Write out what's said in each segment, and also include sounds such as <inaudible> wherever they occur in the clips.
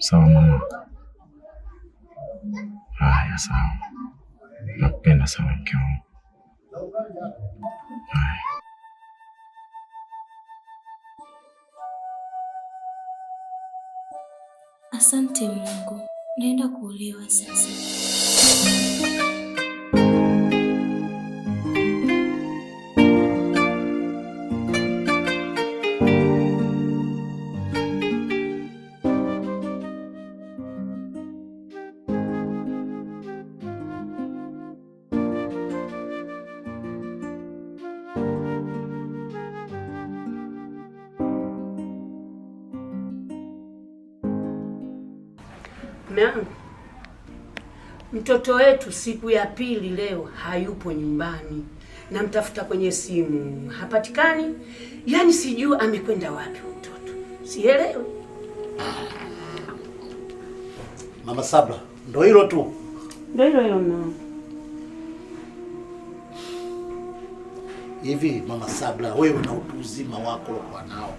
Sawa mama. Haya, sawa. Nakupenda sana mke wangu. Asante Mungu. Naenda kuuliwa sasa. meangu, mtoto wetu siku ya pili leo hayupo nyumbani, namtafuta kwenye simu hapatikani. Yaani sijui amekwenda wapi mtoto, sielewi. Mama Sabra, ndo hilo tu, ndo hilo hilo mama. Hivi Mama Sabra, wewe una utu uzima wako uliokuwa nao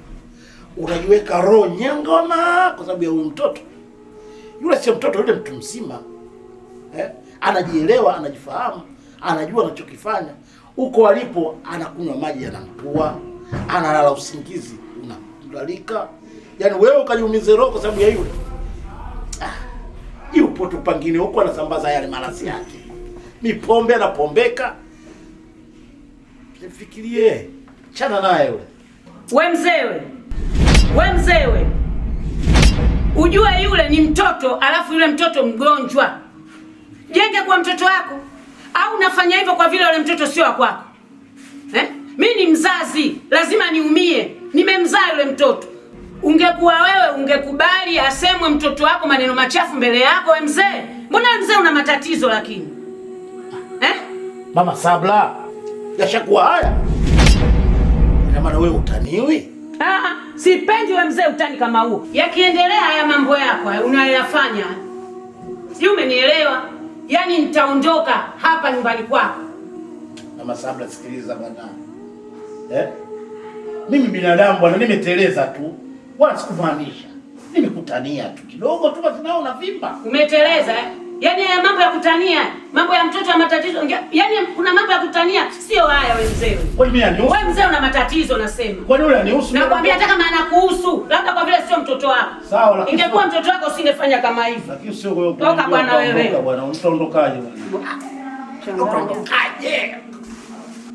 unajiweka roho nyangoma kwa sababu ya huyu mtoto? Yule sio mtoto, yule mtu mzima eh? Anajielewa, anajifahamu, anajua anachokifanya. Huko alipo anakunywa maji yanamtua, analala usingizi unamlalika. Yaani wewe ukajiumize roho kwa sababu ya yule ah, yupo tu pangine huko anasambaza yale malasi yake, mipombe anapombeka. Fikirie, chana naye yule. We mzewe, we mzewe ujue yule ni mtoto, alafu yule mtoto mgonjwa. Jenge kwa mtoto wako, au unafanya hivyo kwa vile yule mtoto sio wako eh? Mi ni mzazi, lazima niumie, nimemzaa yule mtoto. Ungekuwa wewe, ungekubali asemwe mtoto wako maneno machafu mbele yako? We mzee, mbona mzee una matatizo lakini eh? Mama Sabla, yashakuwa haya, maana wewe utaniwi Ah, sipendi we mzee utani kama huo. Yakiendelea haya mambo yako eh, unayoyafanya, si umenielewa? Yaani nitaondoka hapa nyumbani kwako. Mama Sabla, sikiliza bwana. Eh? Mimi binadamu bwana, nimeteleza tu, wala sikuvaanisha, nimekutania tu kidogo tu, basi nao Umeteleza eh? Yaani haya mambo ya kutania, mambo ya mtoto ya matatizo. Yaani kuna mambo ya kutania sio haya wewe mzee. Kwani mimi anihusu? Wewe mzee una matatizo nasema. Kwa nini unanihusu? Nakwambia hata kama anakuhusu, labda kwa vile sio mtoto wako. Sawa lakini ingekuwa mtoto wako usingefanya kama hivi. Lakini sio wewe. Toka bwana wewe. Toka Bwana utaondokaje bwana? Utaondokaje?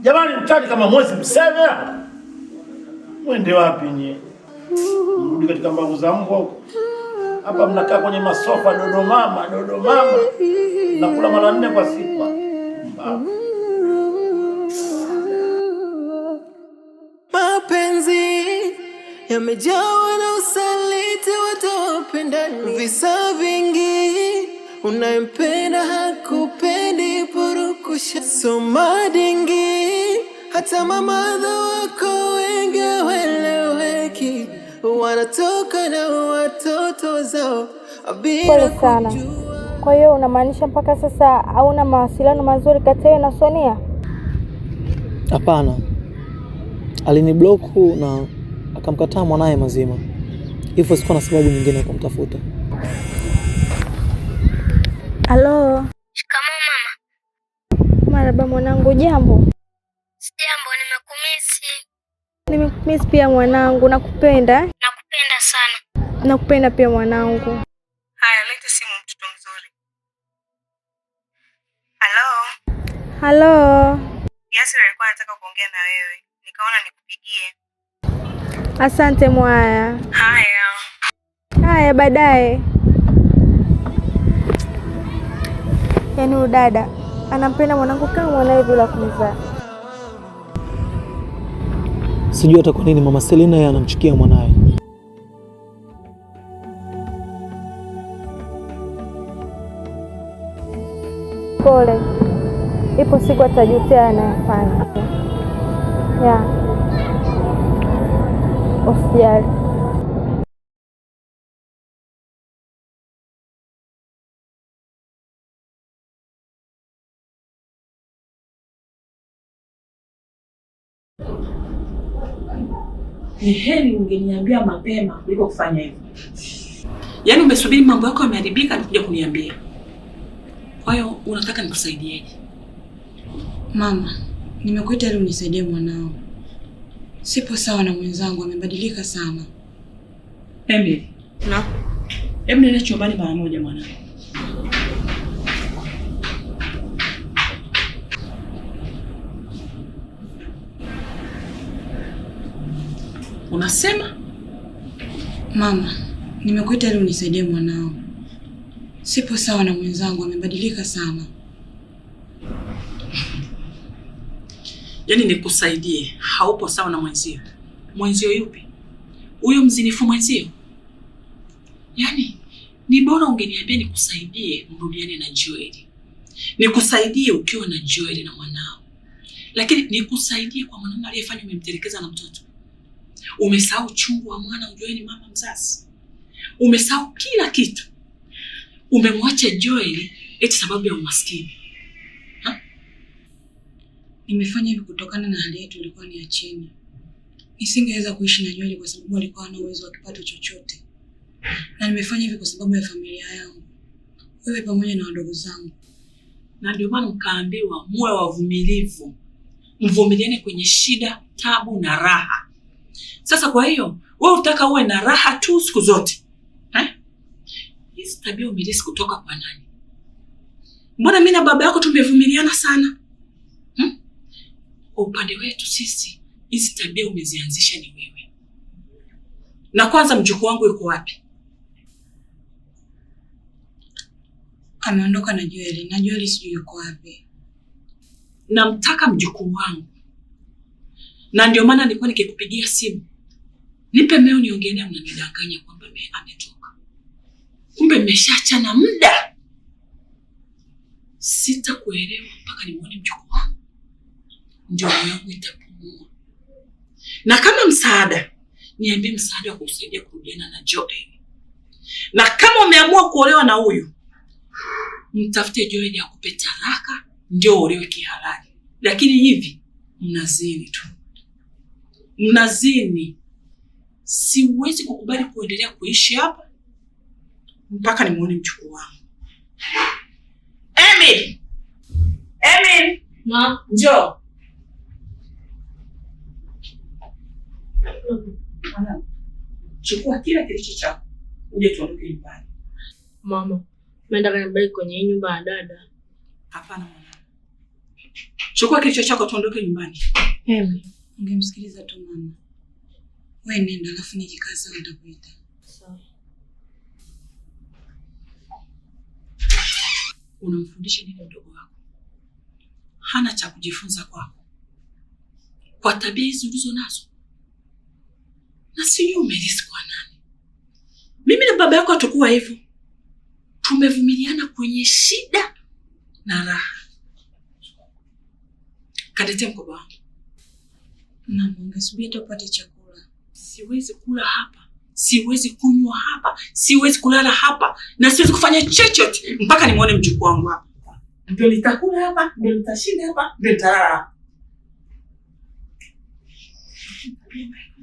Jamani mtani kama mwezi mseme. Mwende wapi nyie? Mrudi katika mbavu za mbwa huko hapa mnakaa kwenye masofa dodomama dodomama, nakula mara nne kwa siku. Mapenzi yamejawa na usaliti, watawapendani visa vingi, unayempenda hakupendi, purukusha somadingi hata mamadha wanatoka na watoto zao bila kujua. Kwa hiyo unamaanisha mpaka sasa hauna mawasiliano mazuri kati yao na Sonia? Hapana, alinibloku na akamkataa mwanaye mazima, hivyo sikuwa na sababu nyingine ya kumtafuta. Halo. Shikamoo mama. Marhaba mwanangu, jambo Nimekumiss pia mwanangu, nakupenda. Nakupenda sana. Nakupenda pia mwanangu. Haya, lete simu, mtoto mzuri. Halo. Halo. Yasir alikuwa anataka kuongea na wewe, nikaona nikupigie. Asante mwaya. Haya. Haya, baadaye. Yaani dada anampenda mwanangu kama mwanawe bila kumzaa. Sijui hata kwa nini mama Selina yeye anamchukia mwanaye. Pole, ipo siku atajutia anayefanya. Ya, usijali. ni heri ungeniambia mapema kuliko kufanya hivyo. Yaani umesubiri mambo yako yameharibika na kuja kuniambia. Kwa hiyo unataka nikusaidieje? Mama, nimekuita ili unisaidie mwanao. Sipo sawa na mwenzangu, amebadilika sana. Emily, na Emily, nenda chumbani mara moja mwanao. Unasema mama, nimekuita ili unisaidie mwanao. Sipo sawa na mwenzangu, amebadilika sana. Yaani nikusaidie? Haupo sawa na mwenzio. Mwenzio yupi? Huyo mzinifu mwenzio? Yaani ni bora ungeniambia nikusaidie mrudiane na Joel. Nikusaidie ukiwa na Joel na mwanao. Lakini nikusaidie kwa mwanamume aliyefanya umemtelekeza na mtoto. Umesahau uchungu wa mwana, ujue ni mama mzazi. Umesahau kila kitu, umemwacha Joel eti sababu ya umaskini. Nimefanya hivi kutokana na hali yetu ilikuwa ni ya chini. Nisingeweza kuishi na Joel kwa sababu alikuwa hana uwezo wa kipato chochote, na nimefanya hivi kwa sababu ya familia yangu, wewe pamoja na wadogo zangu, na ndio maana mkaambiwa muwe wavumilivu, mvumiliane kwenye shida, tabu na raha. Sasa kwa hiyo wewe utaka uwe na raha tu siku zote eh? Hizi tabia umelisi kutoka kwa nani? Mbona mimi na baba yako tumevumiliana sana hmm? Kwa upande wetu sisi hizi tabia umezianzisha ni wewe. Na kwanza mjukuu wangu yuko wapi? Ameondoka na Joeli na Joeli sijui yuko wapi. Namtaka mjukuu wangu na ndio maana nilikuwa nikikupigia simu nipe meo niongelea, mnanidanganya kwamba ametoka, kumbe mmeshachana muda. Sitakuelewa mpaka nimuone mjukuu wangu, ndio yangu itapumua. Na kama msaada, niambie msaada wa kusaidia kurudiana na Joel, na kama umeamua kuolewa na huyu, mtafute Joel akupe taraka ndio olewe kihalali, lakini hivi mnazini tu mnazini, siwezi kukubali kuendelea kuishi hapa mpaka nimuone mchukuu wangu. Emil, Emil, njo Chukua kila kilicho chako uje tuondoke nyumbani. Mama, naenda kanibaki kwenye hii nyumba ya dada. Hapana mwanangu, chukua kilicho chako tuondoke nyumbani. Emil. Ungemsikiliza tu mama. Wewe nenda, alafu nikikaza nitakuita. Sawa. Unamfundisha nini mdogo wako? Hana cha kujifunza kwako, kwa tabia hizi ulizo nazo, na sijui umelisi kwa nani. Mimi na baba yako hatukuwa hivyo, tumevumiliana kwenye shida na raha. Kadete mkoba wangu. Mama, ungesubiri hata upate chakula. Siwezi kula hapa, siwezi kunywa hapa, siwezi kulala hapa na siwezi kufanya chochote mpaka nimwone mjukuu wangu hapa. Ndio nitakula hapa, ndio nitashinda hapa, ndio nitalala hapa.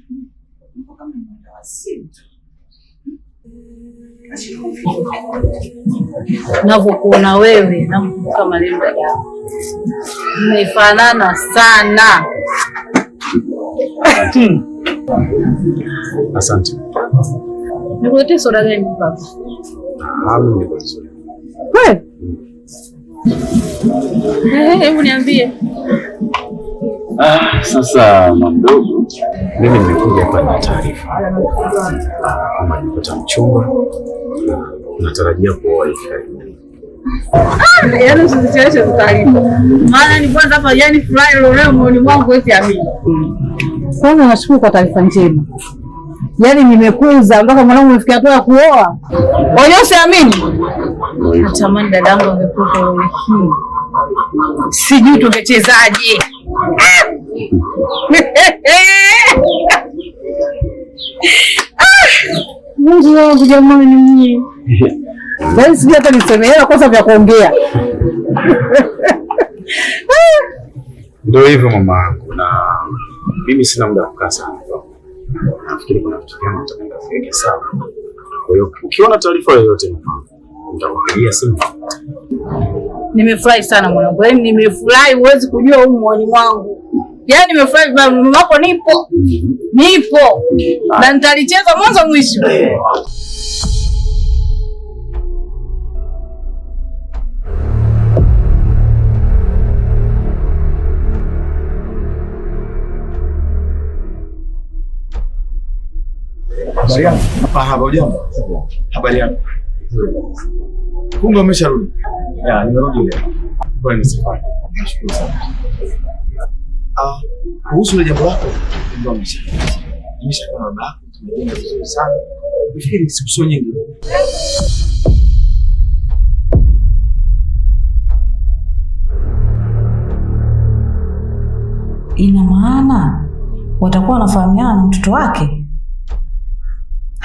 Hmm? Navyokuona wewe, nakumbuka marembo yao, mmefanana sana Hmm. Asante. Nikuletee soda gani baba? Ah, hmm. eh, hebu niambie. Ah, sasa mamdogo, mimi nimekuja hapa na taarifa kama nipata mchumba, natarajia kuoa hivi karibuni yaani usizicheleweshe kutaarifa, maana ni kwanza hapa, yaani furaha ilionea moyoni mwangu huwezi amini. Kwanza nashukuru kwa taarifa njema, yaani nimekuza mpaka mwanangu umefikia hatua ya kuoa, wenyewe usiamini. Natamani dadangu angekuwepo leo hii, sijui tungechezaje. Mungu wangu jamani, <laughs> Sasa sijui hata niseme hela kosa vya kuongea. Ndio hivyo mama yangu, na mimi sina muda wa kukaa sana. Nafikiri kuna kitu kama nitakwenda kufika sawa. Kwa hiyo ukiona taarifa yoyote nitakupigia simu. Nimefurahi sana mwanangu, yaani nimefurahi, uwezi kujua huu moyoni mwangu. Yaani nimefurahi baba, yako nipo mhm. nipo na nitalicheza mwanzo mwisho. Habari gani? jambo. Ah, habari yako? umesharudi? Ya, nimerudi leo. Kwa nini Nashukuru sana. Ah, kuhusu ile jambo lako ndio baba, vizuri sana. Nafikiri siku sio nyingi. Ina maana watakuwa wanafahamiana na mtoto wake?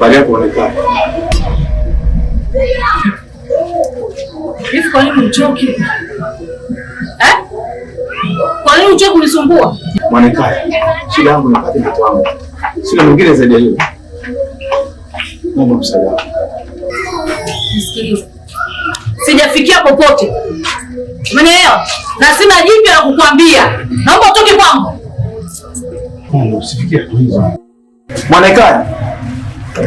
Baada ya kuonekana. Hivi kwa nini uchoki? Eh? Kwa nini uchoki unisumbua? Mwanekaya, shida yangu ni mtu wangu. Sina mwingine zaidi ya yule. Mungu msaada. Nisikilize. Sijafikia popote. Umenielewa? Na jipya la kukwambia. Naomba utoke kwangu. Mungu usifikie tu hizo. Mwanekaya, <laughs>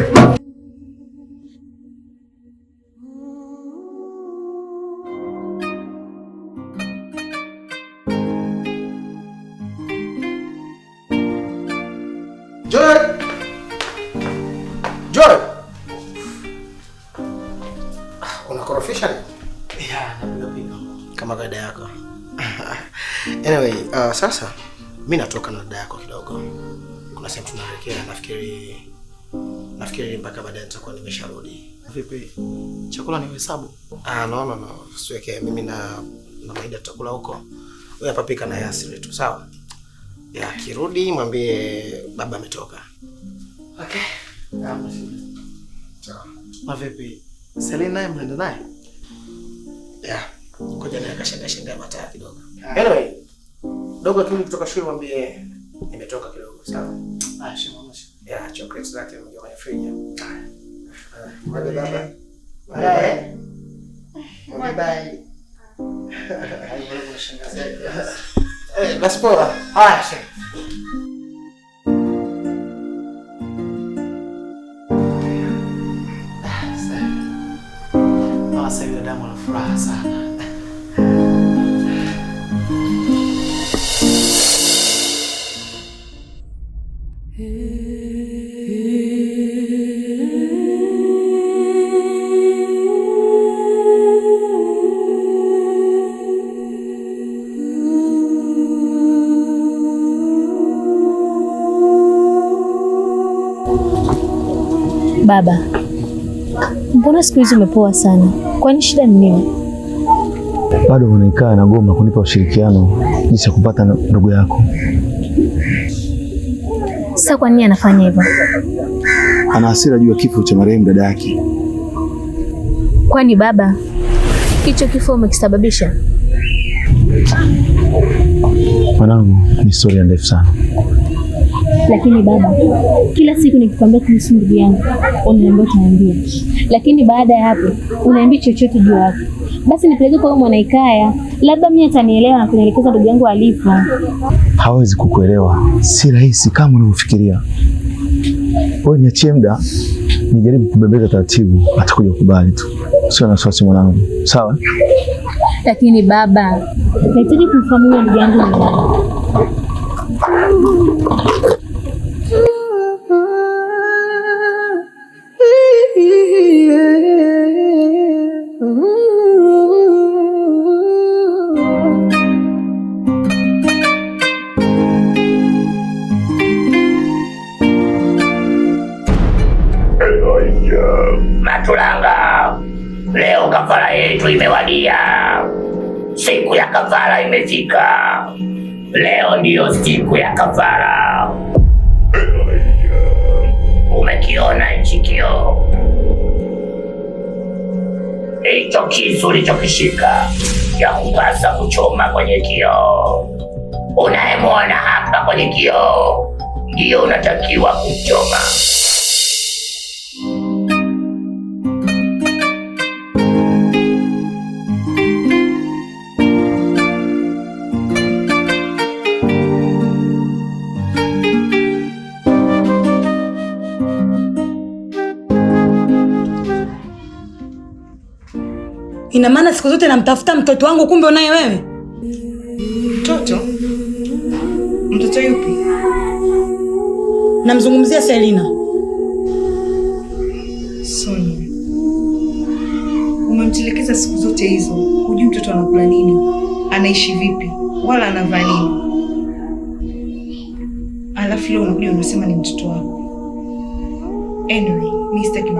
Anyway, uh, sasa mi natoka na dada yako kidogo, kuna sehemu tunaelekea, nafikiri Nafikiri mpaka baadaye nitakuwa nimesharudi. Vipi? Chakula ni hesabu? Ah, no no no. Siweke mimi na na Maida tutakula huko. Wewe hapa pika na Yasiri tu, sawa? Ya kirudi mwambie baba ametoka. Okay. Amna shida. Sawa. Na vipi? Selina naye mnaenda naye? Ya. Ngoja naye akashanga shanga mataa kidogo. Ah. Anyway, dogo tu kutoka shule mwambie nimetoka kidogo, sawa? Ah, shema mshu. Ya, chocolate zake mjo. fenya mode baba mode bai haimulo kushangaza basi poa haya Baba, mbona siku hizi umepoa sana? Kwani shida ni nini? Bado unaikaa na goma kunipa ushirikiano jinsi ya kupata ndugu yako. Sasa kwa nini anafanya hivyo? Ana hasira juu ya kifo cha marehemu dada yake. Kwani baba, hicho kifo umekisababisha? Mwanangu, ni historia ndefu sana. Lakini baba, kila siku nikikwambia kuhusu ndugu yangu unaniambia utaniambia, lakini baada ya hapo unaniambia chochote juu yake. Basi nipeleke kwa Mwanaikaya, labda mimi atanielewa na kunielekeza ndugu yangu alipo. Hawezi kukuelewa, si rahisi kama unavyofikiria. Wewe niachie muda nijaribu kubembeza taratibu, atakuja kukubali tu. Sio na wasiwasi mwanangu, sawa? Lakini baba, nahitaji kumfahamu ndugu yangu. hiyo siku ya kafara. Umekiona hichi kioo? Hicho kisu ulichokishika yakupasa kuchoma kwenye kioo. Unayemwona hapa kwenye kioo ndiyo unatakiwa kuchoma. Ina maana siku zote namtafuta mtoto wangu, kumbe unaye wewe. Mtoto? Mtoto yupi? Namzungumzia Selina. Sonia, umemtelekeza siku zote hizo, hujui mtoto anakula nini, anaishi vipi, wala anavaa nini, alafu leo unakuja unasema ni mtoto wako. Anyway, mimi sitaki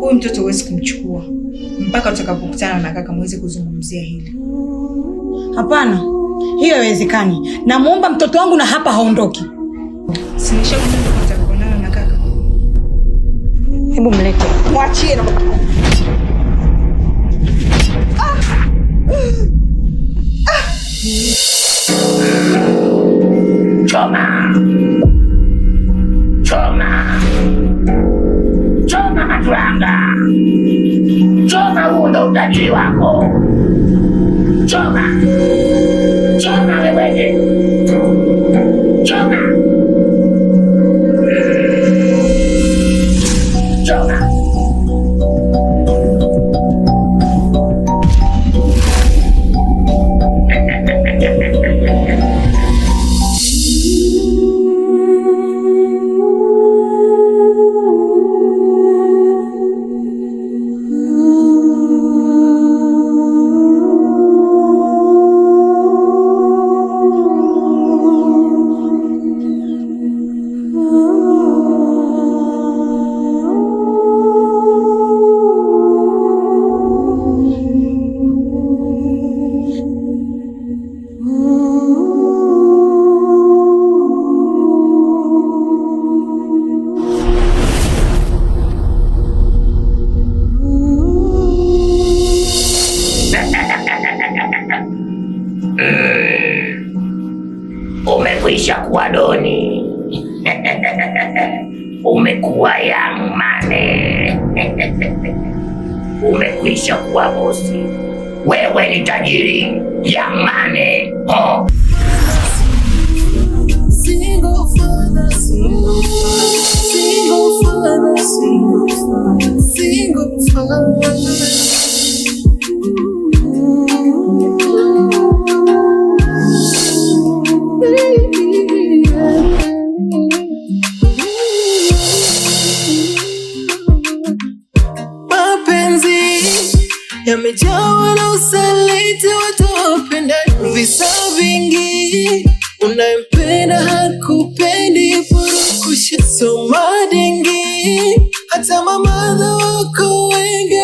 Huyu mtoto huwezi kumchukua mpaka utakapokutana na kaka mweze kuzungumzia hili. Hapana, hiyo haiwezekani. Namuomba mtoto wangu na hapa haondoki. Sinishautakuonana na kaka. Hebu mlete, mwachie. Choma. Choma. Choma maturanga. 这个无弄的你王后，这个，这个的位置，这个。